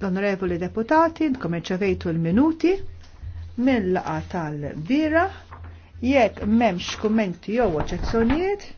l-onorevoli deputati, nkom irċevejtu l-minuti mill-laqa tal-bira, jekk memx kummenti jew oġezzjonijiet,